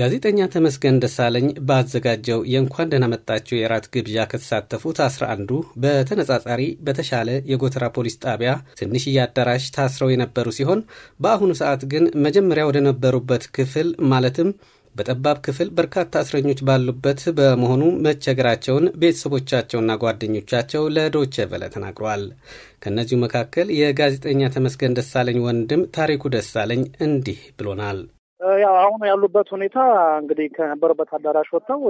ጋዜጠኛ ተመስገን ደሳለኝ ባዘጋጀው የእንኳን ደህና መጣችሁ የራት ግብዣ ከተሳተፉት አስራ አንዱ በተነጻጻሪ በተሻለ የጎተራ ፖሊስ ጣቢያ ትንሽዬ አዳራሽ ታስረው የነበሩ ሲሆን በአሁኑ ሰዓት ግን መጀመሪያ ወደ ነበሩበት ክፍል ማለትም በጠባብ ክፍል በርካታ እስረኞች ባሉበት በመሆኑ መቸገራቸውን ቤተሰቦቻቸውና ጓደኞቻቸው ለዶቼ ቬለ ተናግሯል። ከእነዚሁ መካከል የጋዜጠኛ ተመስገን ደሳለኝ ወንድም ታሪኩ ደሳለኝ እንዲህ ብሎናል። ያው አሁን ያሉበት ሁኔታ እንግዲህ ከነበሩበት አዳራሽ ወጥተው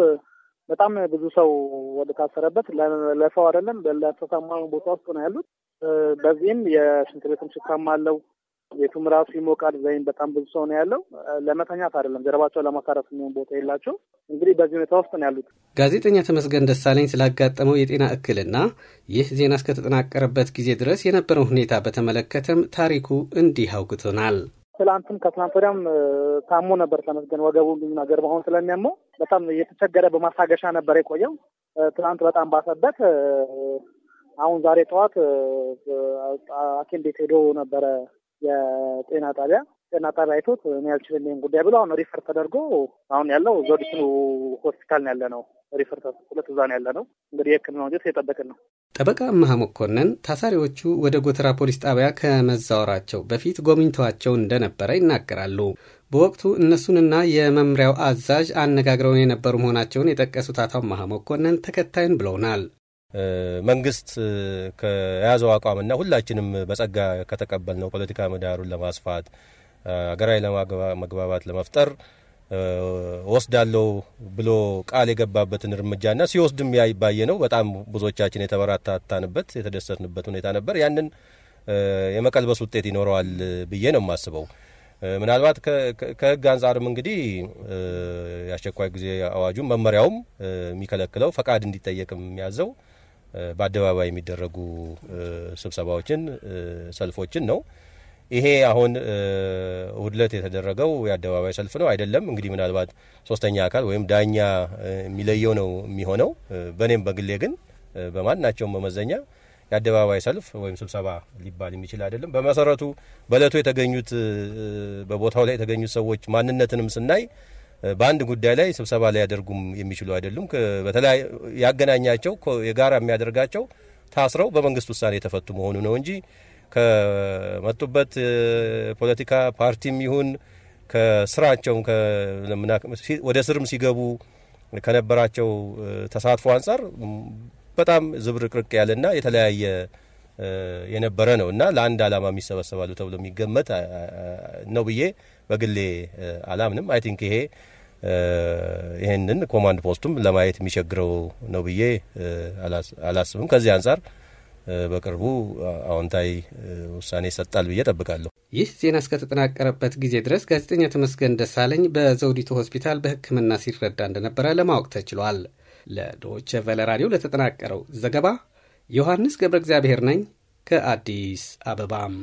በጣም ብዙ ሰው ወደ ታሰረበት ለሰው አይደለም ለተሰማ ቦታ ውስጥ ነው ያሉት። በዚህም የሽንት ቤትም ሽታም አለው። ቤቱም ራሱ ይሞቃል። ዘይም በጣም ብዙ ሰው ነው ያለው። ለመተኛት አይደለም ጀርባቸው ለማሳረፍ የሚሆን ቦታ የላቸው። እንግዲህ በዚህ ሁኔታ ውስጥ ነው ያሉት። ጋዜጠኛ ተመስገን ደሳለኝ ስላጋጠመው የጤና እክልና ይህ ዜና እስከተጠናቀረበት ጊዜ ድረስ የነበረው ሁኔታ በተመለከተም ታሪኩ እንዲህ አውግቶናል። ትላንትም ከትላንት ወዲያም ታሞ ነበር። ተመስገን ወገቡ ነገር መሆን ስለሚያመው በጣም እየተቸገረ በማስታገሻ ነበር የቆየው። ትላንት በጣም ባሰበት። አሁን ዛሬ ጠዋት ሐኪም ቤት ሄዶ ነበረ የጤና ጣቢያ ጤና ጣቢያ አይቶት እኔ አልችልም ይህን ጉዳይ ብሎ አሁን ሪፈር ተደርጎ አሁን ያለው ዘውዲቱ ሆስፒታል ነው ያለ ነው። ሪፈር ሁለት እዛ ነው ያለ ነው። እንግዲህ የህክምና ወንጀት የጠበቅን ነው። ጠበቃ መሀ መኮንን ታሳሪዎቹ ወደ ጎተራ ፖሊስ ጣቢያ ከመዛወራቸው በፊት ጎብኝተዋቸው እንደነበረ ይናገራሉ። በወቅቱ እነሱንና የመምሪያው አዛዥ አነጋግረውን የነበሩ መሆናቸውን የጠቀሱት አቶ መሀ መኮንን ተከታዩን ብለውናል። መንግስት ከያዘው አቋምና ሁላችንም በጸጋ ከተቀበልነው ፖለቲካ ምህዳሩን ለማስፋት አገራዊ መግባባት ለመፍጠር ወስዳለው ብሎ ቃል የገባበትን እርምጃና ሲወስድም ባየ ነው። በጣም ብዙዎቻችን የተበራታታንበት የተደሰትንበት ሁኔታ ነበር። ያንን የመቀልበስ ውጤት ይኖረዋል ብዬ ነው የማስበው። ምናልባት ከህግ አንጻርም እንግዲህ የአስቸኳይ ጊዜ አዋጁ መመሪያውም የሚከለክለው ፈቃድ እንዲጠየቅም የሚያዘው በአደባባይ የሚደረጉ ስብሰባዎችን፣ ሰልፎችን ነው። ይሄ አሁን ውድለት የተደረገው የአደባባይ ሰልፍ ነው አይደለም፣ እንግዲህ ምናልባት ሶስተኛ አካል ወይም ዳኛ የሚለየው ነው የሚሆነው። በእኔም በግሌ ግን በማናቸውም መመዘኛ የአደባባይ ሰልፍ ወይም ስብሰባ ሊባል የሚችል አይደለም። በመሰረቱ በእለቱ የተገኙት በቦታው ላይ የተገኙት ሰዎች ማንነትንም ስናይ በአንድ ጉዳይ ላይ ስብሰባ ሊያደርጉም የሚችሉ አይደሉም። በተለይ ያገናኛቸው የጋራ የሚያደርጋቸው ታስረው በመንግስት ውሳኔ የተፈቱ መሆኑ ነው እንጂ ከመጡበት ፖለቲካ ፓርቲም ይሁን ከስራቸው ወደ ስርም ሲገቡ ከነበራቸው ተሳትፎ አንጻር በጣም ዝብርቅርቅ ያለና የተለያየ የነበረ ነው እና ለአንድ አላማ የሚሰበሰባሉ ተብሎ የሚገመት ነው ብዬ በግሌ አላምንም። አይ ቲንክ ይሄ ይህንን ኮማንድ ፖስቱም ለማየት የሚቸግረው ነው ብዬ አላስብም። ከዚህ አንጻር በቅርቡ አዎንታዊ ውሳኔ ይሰጣል ብዬ ጠብቃለሁ። ይህ ዜና እስከተጠናቀረበት ጊዜ ድረስ ጋዜጠኛ ተመስገን ደሳለኝ በዘውዲቱ ሆስፒታል በሕክምና ሲረዳ እንደነበረ ለማወቅ ተችሏል። ለዶች ቨለ ራዲዮ ለተጠናቀረው ዘገባ ዮሐንስ ገብረ እግዚአብሔር ነኝ ከአዲስ አበባም